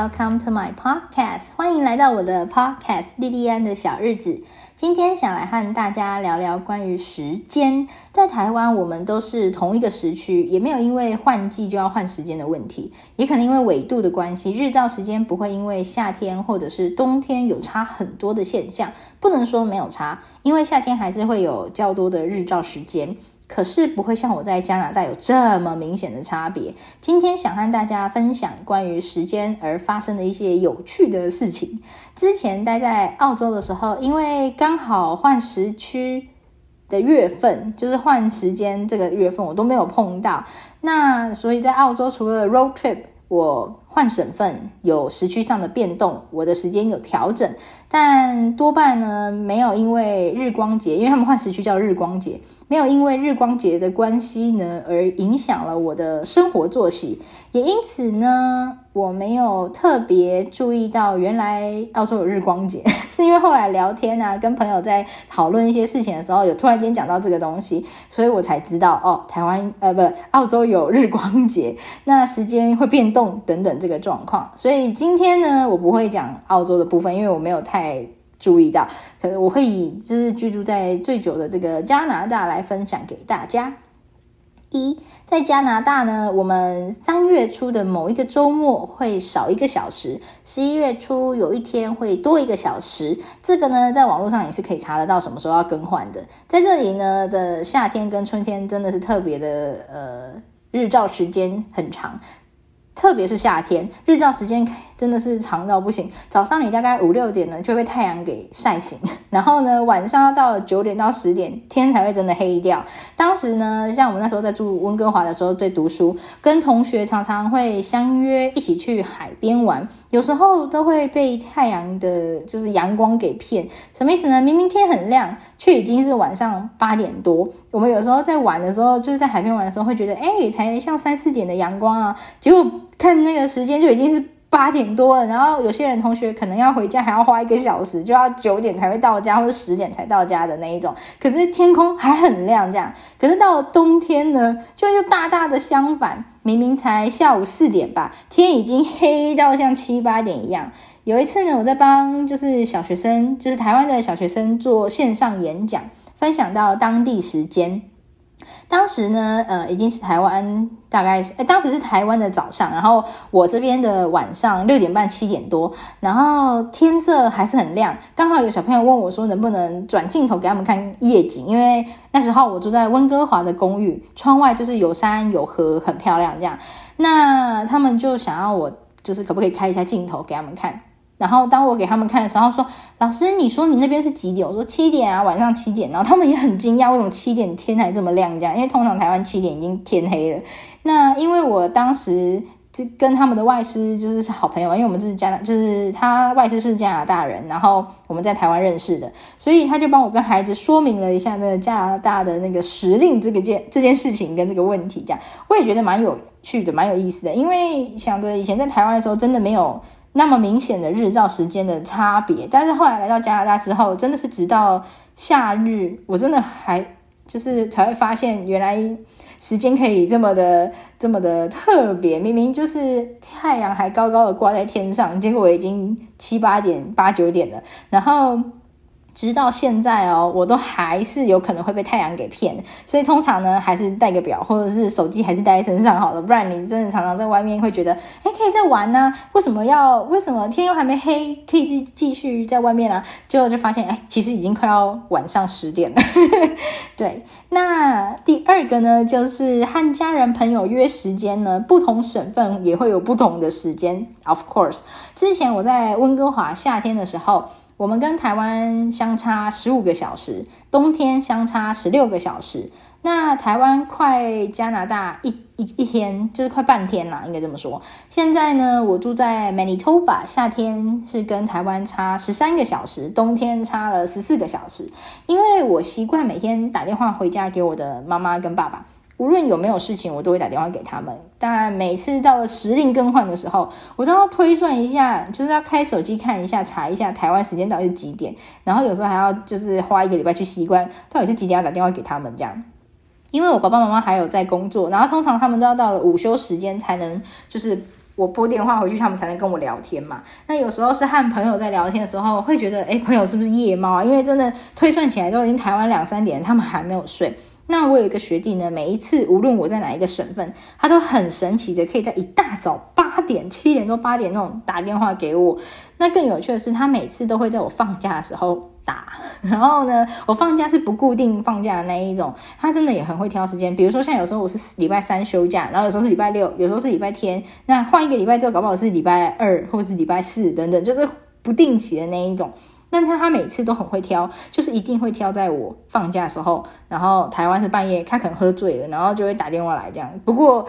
Welcome to my podcast，歡迎來到我的 podcast 莉莉安的小日子。今天想來和大家聊聊關於時間。在台灣，我們都是同一個時區，也沒有因為換季就要換時間的問題。也可能因為緯度的關係，日照時間不會因為夏天或者是冬天有差很多的現象。不能說沒有差，因為夏天還是會有較多的日照時間。可是不會像我在加拿大有這麼明顯的差別。今天想和大家分享關於時間而發生的一些有趣的事情。之前待在澳洲的時候，因為剛好換時區的月份，就是換時間這個月份，我都沒有碰到。那所以在澳洲除了 road trip，我換省份有時區上的變動，我的時間有調整。但多半呢，沒有因為日光節，因為他們換時區叫日光節，沒有因為日光節的關係呢而影響了我的生活作息，也因此呢，我沒有特別注意到原來澳洲有日光節，是因為後來聊天啊，跟朋友在討論一些事情的時候，有突然間講到這個東西，所以我才知道哦，台灣呃不，澳洲有日光節，那時間會變動等等這個狀況，所以今天呢，我不會講澳洲的部分，因為我沒有太。在注意到，可我會以就是居住在最久的這個加拿大來分享給大家。一在加拿大呢，我們三月初的某一個周末會少一個小時，十一月初有一天會多一個小時。這個呢，在網絡上也是可以查得到什麼時候要更換的。在這裡呢的夏天跟春天真的是特別的，呃，日照時間很長。特別是夏天，日照時間真的是長到不行。早上你大概五六點呢就被太陽給曬醒，然後呢晚上要到九點到十點天才會真的黑掉。當時呢，像我們那時候在住溫哥華的時候，在讀書，跟同學常常會相約一起去海邊玩，有時候都會被太陽的就是陽光給騙。什麼意思呢？明明天很亮，卻已經是晚上八點多。我們有時候在玩的時候，就是在海邊玩的時候，會覺得誒、欸，才像三四點的陽光啊，結果。看那個時間就已經是八點多了，然後有些人同學可能要回家，還要花一個小時，就要九點才會到家，或者十點才到家的那一種。可是天空還很亮，這樣。可是到了冬天呢，就又大大的相反，明明才下午四點吧，天已經黑到像七八點一樣。有一次呢，我在幫就是小學生，就是台灣的小學生做線上演講，分享到當地時間。當時呢，呃，已經是台灣大概是，哎、欸，當時是台灣的早上，然後我這邊的晚上六點半、七點多，然後天色還是很亮，剛好有小朋友問我，說能不能轉鏡頭給他們看夜景，因為那時候我住在溫哥華的公寓，窗外就是有山有河，很漂亮這樣，那他們就想要我就是可不可以開一下鏡頭給他們看。然後當我給他們看的時候，他說：“老師，你說你那邊是幾點？”我說：“七點啊，晚上七點。”然後他們也很驚訝，為什麼七點天還這麼亮？這樣，因為通常台灣七點已經天黑了。那因為我當時就跟他們的外師就是好朋友嘛，因為我們是加拿，就是他外師是加拿大人，然後我們在台灣認識的，所以他就幫我跟孩子說明了一下那個加拿大的那個時令這個件這件事情跟這個問題。這樣，我也覺得蠻有趣的，蠻有意思的，因為想着以前在台灣的時候真的沒有那麼明顯的日照時間的差別，但是後來來到加拿大之後，真的是直到夏日，我真的還就是才會發現，原來時間可以這麼的、這麼的特別。明明就是太陽還高高的掛在天上，結果我已經七八點、八九點了，然後。直到現在哦，我都還是有可能會被太陽給騙，所以通常呢，還是戴個錶，或者是手機，還是戴在身上好了，不然你真的常常在外面會覺得，哎，可以再玩啊？為什麼要為什麼天又還沒黑，可以繼繼續在外面啊？最後就發現，哎，其實已經快要晚上十點了。 對，那第二個呢，就是和家人朋友約時間呢，不同省份也會有不同的時間，Of course，之前我在溫哥華夏天的時候。我們跟台灣相差十五個小時，冬天相差十六個小時。那台灣快加拿大一一一天，就是快半天啦，應該這麼說。現在呢，我住在 Manitoba，夏天是跟台灣差十三個小時，冬天差了十四個小時。因為我習慣每天打電話回家給我的媽媽跟爸爸。無論有沒有事情，我都會打電話給他們。但每次到了時令更換的時候，我都要推算一下，就是要開手機看一下、查一下台灣時間到底是幾點。然後有時候還要就是花一個禮拜去習慣到底是幾點要打電話給他們這樣。因為我爸爸媽媽還有在工作，然後通常他們都要到了午休時間才能，就是我撥電話回去，他們才能跟我聊天嘛。那有時候是和朋友在聊天的時候，會覺得哎、欸，朋友是不是夜貓啊？因為真的推算起來都已經台灣兩三點了，他們還沒有睡。那我有一個學弟呢，每一次無論我在哪一個省份，他都很神奇的可以在一大早八點、七點多八點那種打電話給我。那更有趣的是，他每次都會在我放假的時候打。然後呢，我放假是不固定放假的那一種，他真的也很會挑時間。比如說像有時候我是禮拜三休假，然後有時候是禮拜六，有時候是禮拜天。那換一個禮拜之後，搞不好是禮拜二或者是禮拜四等等，就是不定期的那一種。但他他每次都很會挑，就是一定會挑在我放假的時候，然後台灣是半夜，他可能喝醉了，然後就會打電話來這樣。不過，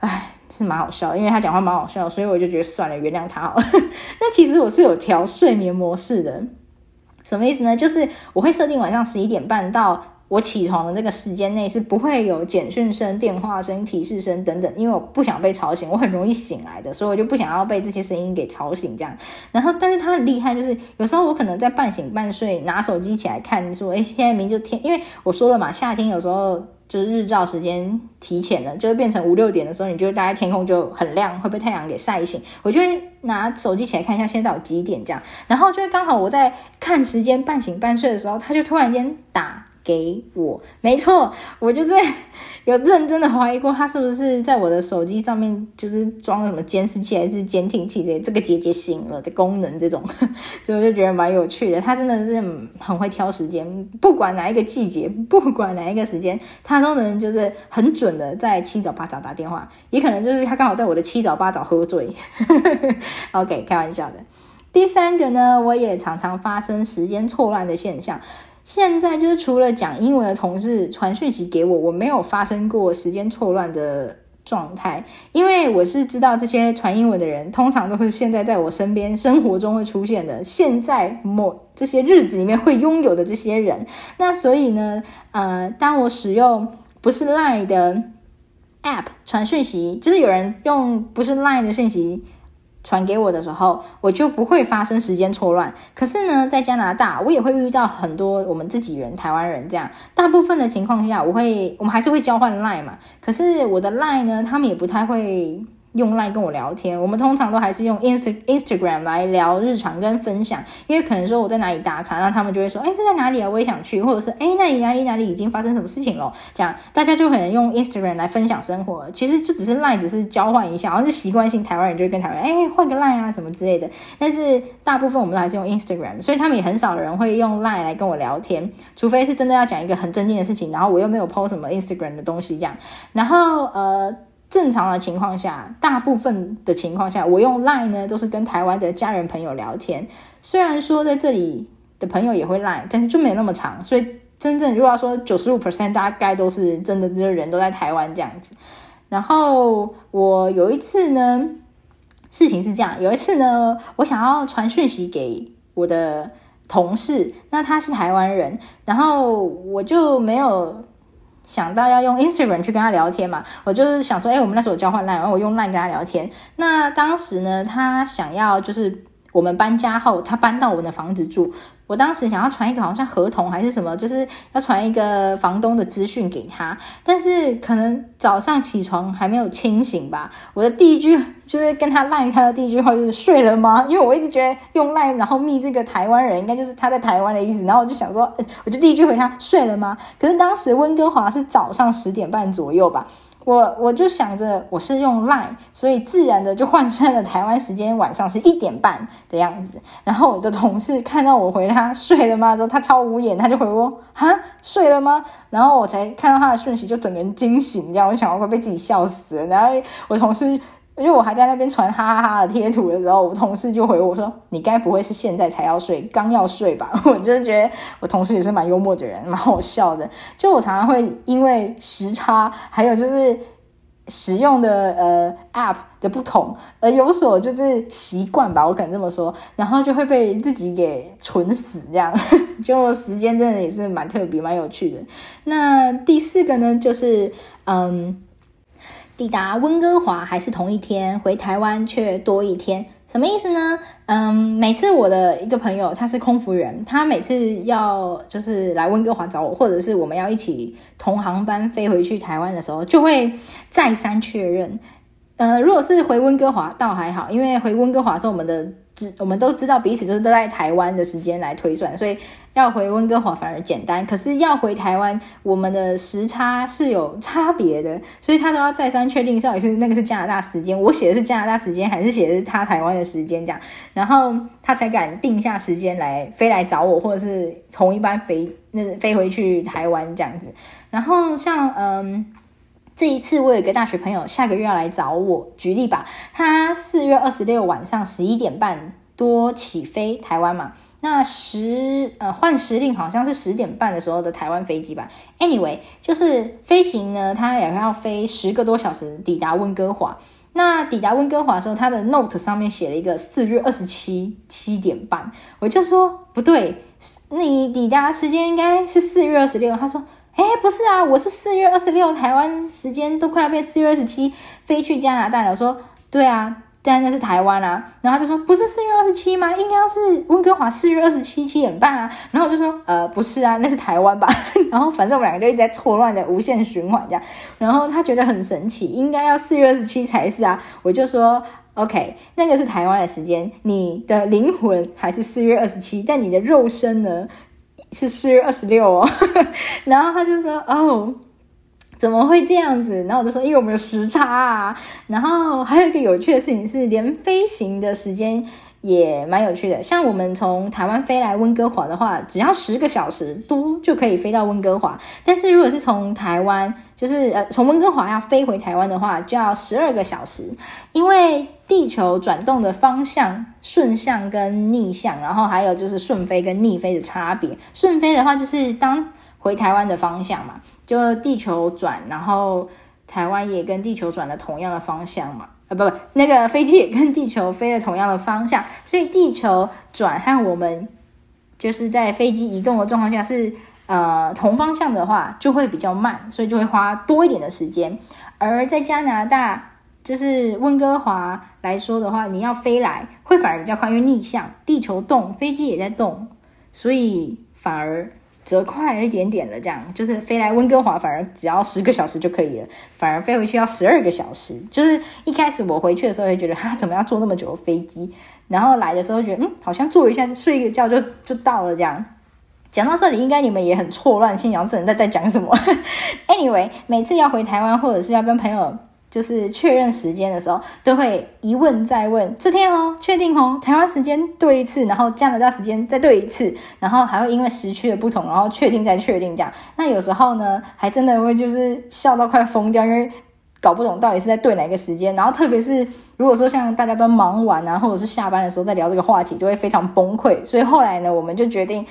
哎，是蠻好笑，因為他講話蠻好笑，所以我就覺得算了，原諒他好了。 那其實我是有調睡眠模式的，什麼意思呢？就是我會設定晚上十一點半到。我起床的這個時間內是不會有簡訊聲、電話聲、提示聲等等，因為我不想被吵醒，我很容易醒來的，所以我就不想要被這些聲音給吵醒。這樣，然後，但是它很厲害，就是有時候我可能在半醒半睡，拿手機起來看，說，誒、欸，現在明就天，因為我說了嘛，夏天有時候就是日照時間提前了，就會變成五六點的時候，你就大概天空就很亮，會被太陽給曬醒，我就會拿手機起來看一下現在有幾點這樣，然後就會剛好我在看時間半醒半睡的時候，它就突然間打給我，沒錯，我就是有認真的懷疑過，他是不是在我的手機上面就是裝了什麼監視器還是監聽器這這個節節醒了的功能這種，所以我就覺得蠻有趣的。他真的是很會挑時間，不管哪一個季節，不管哪一個時間，他都能就是很準的在七早八早打電話，也可能就是他剛好在我的七早八早喝醉 ，OK，開玩笑的。第三個呢，我也常常發生時間錯亂的現象。現在就是除了講英文的同事傳訊息給我，我沒有發生過時間錯亂的狀態，因為我是知道這些傳英文的人，通常都是現在在我身邊生活中會出現的，現在某這些日子裡面會擁有的這些人。那所以呢，呃，當我使用不是 Line 的 App 傳訊息，就是有人用不是 Line 的訊息。傳給我的時候，我就不會發生時間錯亂。可是呢，在加拿大，我也會遇到很多我們自己人、台灣人這樣。大部分的情況下，我會，我們還是會交換 LINE 嘛。可是我的 LINE 呢，他們也不太會，用 LINE 跟我聊天，我們通常都還是用 Inst Instagram 來聊日常跟分享，因為可能說我在哪裡打卡，然後他們就會說，哎、欸，這在哪裡啊？我也想去，或者是哎，欸，哪裡，哪裡，哪裡已經發生什麼事情了？這樣大家就可能用 Instagram 來分享生活，其實就只是 LINE 只是交換一下，然後就習慣性台灣人就會跟台灣人，哎、欸，換個 LINE 啊什麼之類的，但是大部分我們都還是用 Instagram，所以他們也很少的人會用 LINE 來跟我聊天，除非是真的要講一個很正經的事情，然後我又沒有 PO 什麼 Instagram 的東西這樣，然後呃。正常的情況下，大部分的情況下，我用 Line 呢都是跟台灣的家人朋友聊天。雖然說在這裡的朋友也會 Line，但是就沒那麼長。所以真正如果要說九十五 percent，大概都是真的，就是人都在台灣這樣子。然後我有一次呢，事情是這樣，有一次呢，我想要傳訊息給我的同事，那他是台灣人，然後我就沒有。想到要用 Instagram 去跟他聊天嘛，我就是想說，哎、欸，我們那時候交換 LINE，然後我用 LINE 跟他聊天。那當時呢，他想要就是我們搬家後，他搬到我們的房子住。我當時想要傳一個好像合同還是什麼，就是要傳一個房東的資訊給他，但是可能早上起床還沒有清醒吧。我的第一句就是跟他賴，他的第一句話就是睡了嗎？因為我一直覺得用賴然後密這個台灣人應該就是他在台灣的意思，然後我就想說，欸，我就第一句回他睡了嗎？可是當時溫哥華是早上十點半左右吧。我我就想着我是用 Line，所以自然的就換算了台灣時間晚上是一點半的樣子。然後我的同事看到我回他睡了嗎？之後，他超無言，他就回我哈，睡了嗎？然後我才看到他的訊息，就整個人驚醒，這樣我就想快被自己笑死了。然後我同事。因為我還在那邊傳哈哈哈哈的貼圖的時候，我同事就回我說：“你該不會是現在才要睡，剛要睡吧？”我就覺得我同事也是蠻幽默的人，蠻好笑的。就我常常會因為時差，還有就是使用的呃 App 的不同而有所就是習慣吧，我肯這麼說，然後就會被自己給蠢死這樣。呵呵，就時間真的也是蠻特別、蠻有趣的。那第四個呢，就是嗯。抵達溫哥華還是同一天，回台灣卻多一天，什麼意思呢？嗯，每次我的一個朋友，他是空服人，他每次要就是來溫哥華找我，或者是我們要一起同航班飛回去台灣的時候，就會再三確認。呃，如果是回溫哥華倒還好，因為回溫哥華之後，我們的知我們都知道彼此都是都在台灣的時間來推算，所以。要回溫哥華反而簡單，可是要回台灣，我們的時差是有差別的，所以他都要再三確定，上一次那個是加拿大時間，我寫的是加拿大時間，還是寫的是他台灣的時間這樣，然後他才敢定下時間來飛來找我，或者是同一班飛那飛回去台灣這樣子。然後像嗯，這一次我有一個大學朋友，下個月要來找我，舉例吧，他四月二十六晚上十一點半多起飛台灣嘛。那時呃，換時令好像是十點半的時候的台灣飛機吧 Anyway，就是飛行呢，他也要飛十個多小時抵達溫哥華。那抵達溫哥華的時候，他的 note 上面寫了一個四月二十七七點半，我就說不對，那你抵達時間應該是四月二十六。他說，誒、欸，不是啊，我是四月二十六台灣時間，都快要被四月二十七飛去加拿大了。我說，對啊。但那是台灣啊，然後他就說不是四月二十七嗎？應該要是溫哥華四月二十七七點半啊。然後我就說呃不是啊，那是台灣吧。 然後反正我們兩個就一直在錯亂的無限循環這樣。然後他覺得很神奇，應該要四月二十七才是啊。我就說 OK，那個是台灣的時間，你的靈魂還是四月二十七，但你的肉身呢是四月二十六哦。 然後他就說哦。Oh, 怎麼會這樣子？然後我就說，欸、因為我們有時差啊。然後還有一個有趣的事情是，連飛行的時間也蠻有趣的。像我們從台灣飛來溫哥華的話，只要十個小時多就可以飛到溫哥華。但是如果是從台灣，就是呃，從溫哥華要飛回台灣的話，就要十二個小時，因為地球轉動的方向，順向跟逆向，然後還有就是順飛跟逆飛的差別。順飛的話，就是當回台灣的方向嘛。就地球轉，然後台灣也跟地球轉了同樣的方向嘛，啊、呃、不不，那個飛機也跟地球飛了同樣的方向，所以地球轉和我們就是在飛機移動的狀況下是呃同方向的話，就會比較慢，所以就會花多一點的時間。而在加拿大就是溫哥華來說的話，你要飛來會反而比較快，因為逆向，地球動，飛機也在動，所以反而。則快一點點了，這樣就是飛來溫哥華反而只要十個小時就可以了，反而飛回去要十二個小時。就是一開始我回去的時候會覺得，啊，怎麼樣坐那麼久的飛機？然後來的時候覺得，嗯，好像坐一下睡一個覺就就到了這樣。講到這裡，應該你們也很錯亂，心想這人在在講什麼 ？Anyway，每次要回台灣或者是要跟朋友。就是確認時間的時候，都會一問再問，這天哦、喔，確定哦、喔，台灣時間對一次，然後加拿大時間再對一次，然後還會因為時區的不同，然後確定再確定這樣。那有時候呢，還真的會就是笑到快瘋掉，因為搞不懂到底是在對哪一個時間。然後特別是如果說像大家都忙完啊，或者是下班的時候再聊這個話題，就會非常崩潰。所以後來呢，我們就決定，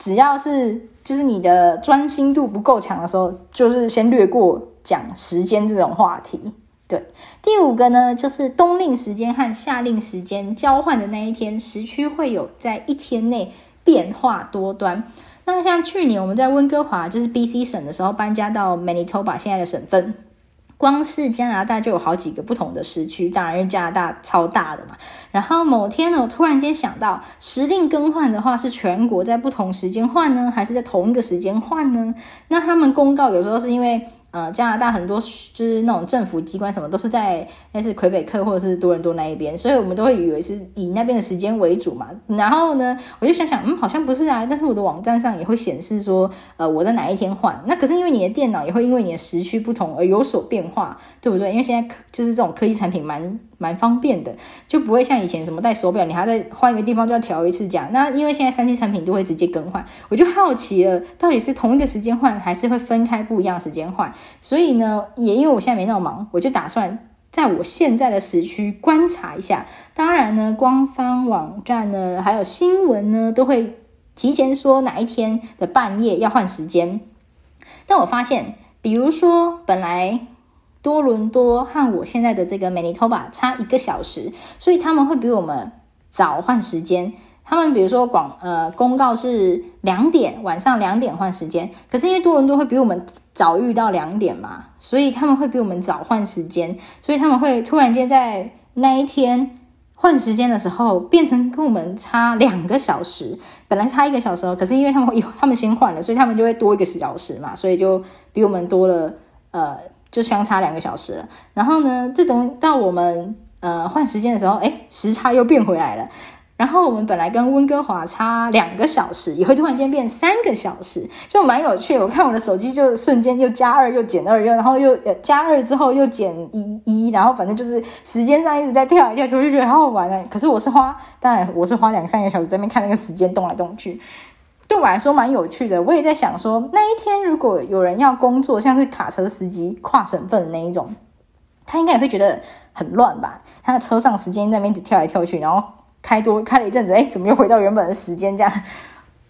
只要是就是你的專心度不夠強的時候，就是先略過講時間這種話題。對，第五個呢，就是冬令時間和夏令時間交換的那一天，時區會有在一天內變化多端。那像去年我們在溫哥華，就是 BC 省的時候，搬家到 Manitoba 現在的省份，光是加拿大就有好幾個不同的時區，當然是加拿大超大的嘛。然後某天呢，我突然間想到，時令更換的話是全國在不同時間換呢，還是在同一個時間換呢？那他們公告有時候是因為。呃，加拿大很多就是那種政府機關什麼都是在那是魁北克或者是多倫多那一邊，所以我們都會以為是以那邊的時間為主嘛。然後呢，我就想想，嗯，好像不是啊。但是我的網站上也會顯示說，呃，我在哪一天換。那可是因為你的電腦也會因為你的時區不同而有所變化，對不對？因為現在就是這種科技產品蠻。蠻方便的，就不會像以前什麼戴手錶，你還在換一個地方就要調一次這樣。那因為現在 3C 產品就會直接更換，我就好奇了，到底是同一個時間換，還是會分開不一樣時間換？所以呢，也因為我現在沒那麼忙，我就打算在我現在的時區觀察一下。當然呢，官方網站呢，還有新聞呢，都會提前說哪一天的半夜要換時間。但我發現，比如說本來。多倫多和我現在的這個 Manitoba 差一個小時，所以他們會比我們早換時間。他們比如說廣呃公告是兩點，晚上兩點換時間。可是因為多倫多會比我們早遇到兩點嘛，所以他們會比我們早換時間。所以他們會突然間在那一天換時間的時候，變成跟我們差兩個小時。本來差一個小時，可是因為他們有他們先換了，所以他們就會多一個小時嘛，所以就比我們多了呃。就相差兩個小時了，然後呢，這等到我們呃換時間的時候，誒，時差又變回來了。然後我們本來跟溫哥華差兩個小時，也會突然間變三個小時，就蠻有趣。我看我的手機就瞬間又加二又減二又，然後又加二之後又減一一，然後反正就是時間上一直在跳來跳去，我就覺得好好玩啊，、欸。可是我是花，當然我是花兩三個小時在那邊看那個時間動來動去。對我來說蠻有趣的，我也在想說，那一天如果有人要工作，像是卡車司機跨省份的那一種，他應該也會覺得很亂吧？他的車上時間那邊一直跳來跳去，然後開多開了一陣子，誒、欸，怎麼又回到原本的時間？這樣，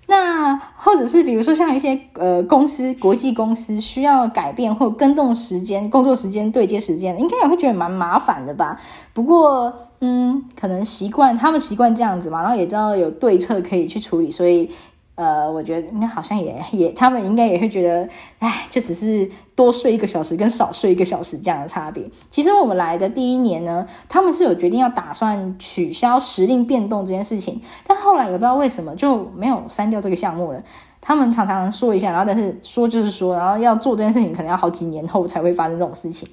那或者是比如說像一些呃公司，國際公司需要改變或更動時間、工作時間、對接時間，應該也會覺得蠻麻煩的吧？不過，嗯，可能習慣他們習慣這樣子嘛，然後也知道有對策可以去處理，所以。呃，我覺得應該好像也也，他們應該也會覺得，唉，就只是多睡一個小時跟少睡一個小時這樣的差別。其實我們來的第一年呢，他們是有決定要打算取消時令變動這件事情，但後來也不知道為什麼就沒有刪掉這個項目了。他們常常說一下，然後但是說就是說，然後要做這件事情可能要好幾年後才會發生這種事情。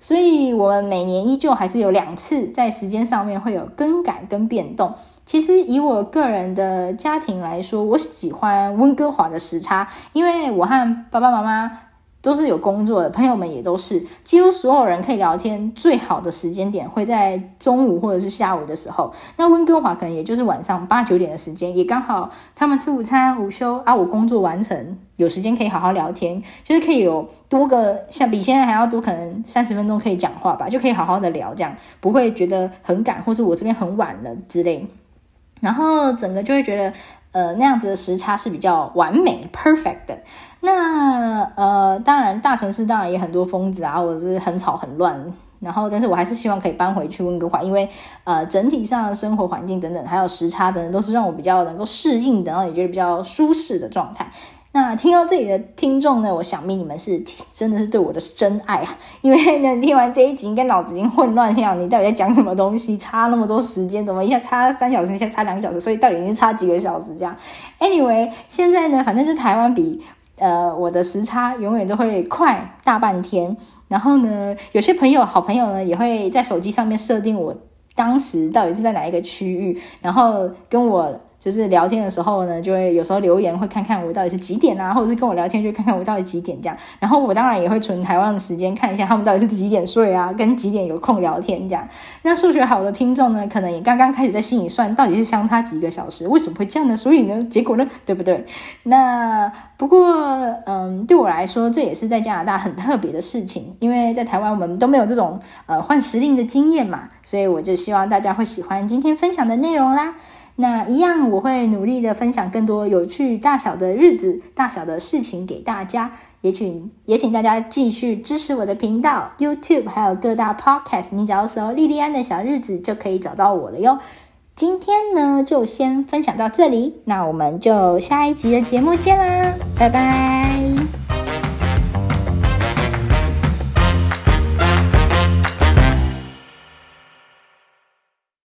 所以，我們每年依舊還是有兩次在時間上面會有更改跟變動。其實以我個人的家庭來說，我喜歡溫哥華的時差，因為我和爸爸媽媽都是有工作的，朋友們也都是，幾乎所有人可以聊天最好的時間點會在中午或者是下午的時候，那溫哥華可能也就是晚上八九點的時間，也剛好他們吃午餐午休啊，我工作完成有時間可以好好聊天，就是可以有多個像比現在還要多，可能三十分鐘可以講話吧，就可以好好的聊，這樣不會覺得很趕，或是我這邊很晚了之類的。然後整個就會覺得，呃，那樣子的時差是比較完美 perfect 的。那呃，當然大城市當然也很多瘋子啊，或是很吵很亂。然後，但是我還是希望可以搬回去溫哥華，因為呃，整體上的生活環境等等，還有時差等等，都是讓我比較能夠適應的，然後也覺得比較舒適的狀態。那聽到這裡的聽眾呢，我想必你們是真的是對我的真愛啊！因為呢，聽完這一集，應該腦子已經混亂了。你到底在講什麼東西？差那麼多時間，怎麼一下差三小時，一下差兩個小時？所以到底已經差幾個小時這樣？Anyway，現在呢，反正就台灣比呃我的時差永遠都會快大半天。然後呢，有些朋友、好朋友呢，也會在手機上面設定我當時到底是在哪一個區域，然後跟我。就是聊天的時候呢，就會有時候留言會看看我到底是幾點啊，或者是跟我聊天就看看我到底幾點這樣。然後我當然也會存台灣的時間看一下他們到底是幾點睡啊，跟幾點有空聊天這樣。那數學好的聽眾呢，可能也剛剛開始在心裡算到底是相差幾個小時，為什麼會這樣呢？所以呢，結果呢，對不對？那不過，嗯，對我來說這也是在加拿大很特別的事情，因為在台灣我們都沒有這種呃換時令的經驗嘛，所以我就希望大家會喜歡今天分享的內容啦。那一樣，我會努力的分享更多有趣大小的日子、大小的事情給大家。也請也請大家繼續支持我的頻道 YouTube，還有各大 Podcast。你只要搜“莉莉安的小日子”就可以找到我了喲。今天呢，就先分享到這裡，那我們就下一集的節目見啦，拜拜。